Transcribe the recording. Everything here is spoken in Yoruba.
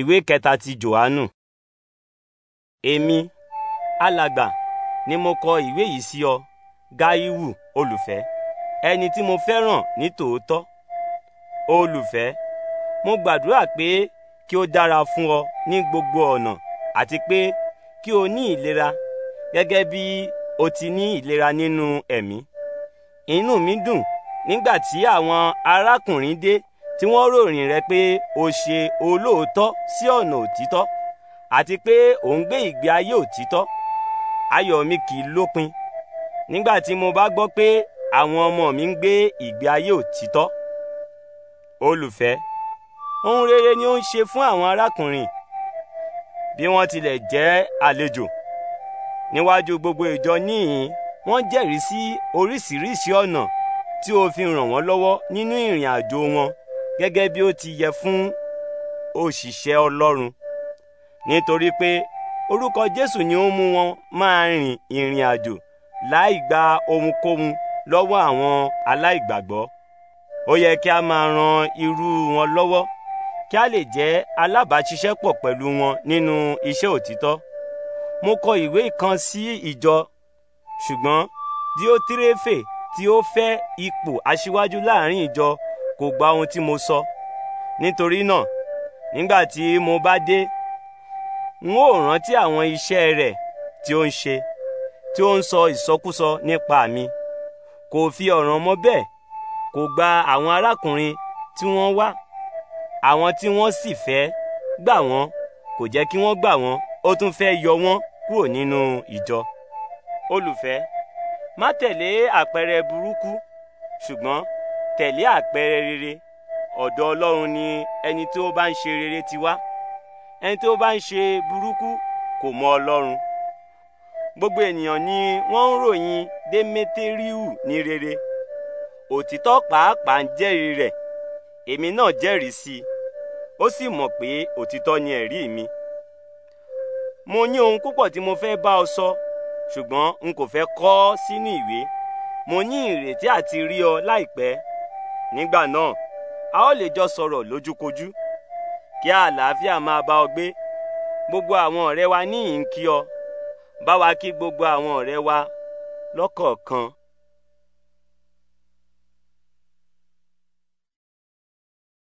ìwé kẹta ti johannu èmi alàgbà ni mo kọ ìwé yìí sí ọ gáíwù olùfẹ́ ẹni tí mo fẹ́ràn ní tòótọ́ olùfẹ́ mo gbàdúrà pé kí ó dára fún ọ ní gbogbo ọ̀nà àti pé kí o ní ìlera gẹ́gẹ́ bí o ti ní ìlera nínú ẹ̀mí inú mi dùn nígbà tí àwọn arákùnrin dé tí wọ́n ròyìn rẹ pé o ṣe olóòótọ́ sí ọ̀nà òtítọ́ àti pé ò ń gbé ìgbé ayé òtítọ́ ayọ̀ mi kì í lópin nígbà tí mo bá gbọ́ pé àwọn ọmọ mi ń gbé ìgbé ayé òtítọ́ olùfẹ́ ohun rere ni ó ń ṣe fún àwọn arákùnrin bí wọ́n tilẹ̀ jẹ́ àlejò níwájú gbogbo ìjọ níhìn wọ́n jẹ́rìí sí oríṣiríṣi ọ̀nà tí o ràn wọ́n lọ́wọ́ nínú ìrìn àjò wọn gẹ́gẹ́ bí ó ti yẹ fún òṣìṣẹ́ Ọlọ́run nítorí pé orúkọ Jésù ni ó mú wọn máa rìn ìrìn àjò láì gba ohunkóhun lọ́wọ́ àwọn aláìgbàgbọ́ ó yẹ kí a máa ran irú wọn lọ́wọ́ kí a lè jẹ́ alábàáṣiṣẹ́pọ̀ pẹ̀lú wọn nínú iṣẹ́ òtítọ́ mo kọ ìwé kan sí ìjọ ṣùgbọ́n Diótírèfè tí ó fẹ́ ipò aṣíwájú láàrin ìjọ kò gba ohun tí mo sọ nítorí náà nígbà tí mo bá dé n ó rántí àwọn iṣẹ́ rẹ̀ tí ó ń ṣe tí ó ń sọ ìsọkúsọ nípa mi kò fi ọ̀ràn mọ́ bẹ́ẹ̀ kò gba àwọn arákùnrin tí wọ́n wá àwọn tí wọ́n sì fẹ́ gbà wọ́n kò jẹ́ kí wọ́n gbà wọ́n ó tún fẹ́ yọ wọ́n kúrò nínú ìjọ. olùfẹ́ má tẹ̀lé àpẹẹrẹ burúkú ṣùgbọ́n tẹ̀lé àpẹẹrẹ rere ọ̀dọ̀ ọlọ́run ni ẹni tí ó bá ń ṣe rere ti wá ẹni tí ó bá ń ṣe burúkú kò mọ ọlọ́run gbogbo ènìyàn ni wọ́n ń ròyìn Démétíríù ní rere òtítọ́ pàápàá ń jẹ́rìí rẹ̀ èmi náà jẹ́rìí sí i ó sì mọ̀ pé òtítọ́ ni ẹ̀rí mi mo ní ohun púpọ̀ tí mo fẹ́ bá ọ sọ ṣùgbọ́n n kò fẹ́ kọ ọ́ sínú ìwé mo ní ìrètí àti rí ọ láìpẹ́ nígbà náà a ó lè jọ sọ̀rọ̀ lójúkojú kí àlàáfíà máa bá ọ gbé gbogbo àwọn ọ̀rẹ́ wa níyìn ń kí ọ bá wa kí gbogbo àwọn ọ̀rẹ́ wa lọ́kọ̀ọ̀kan.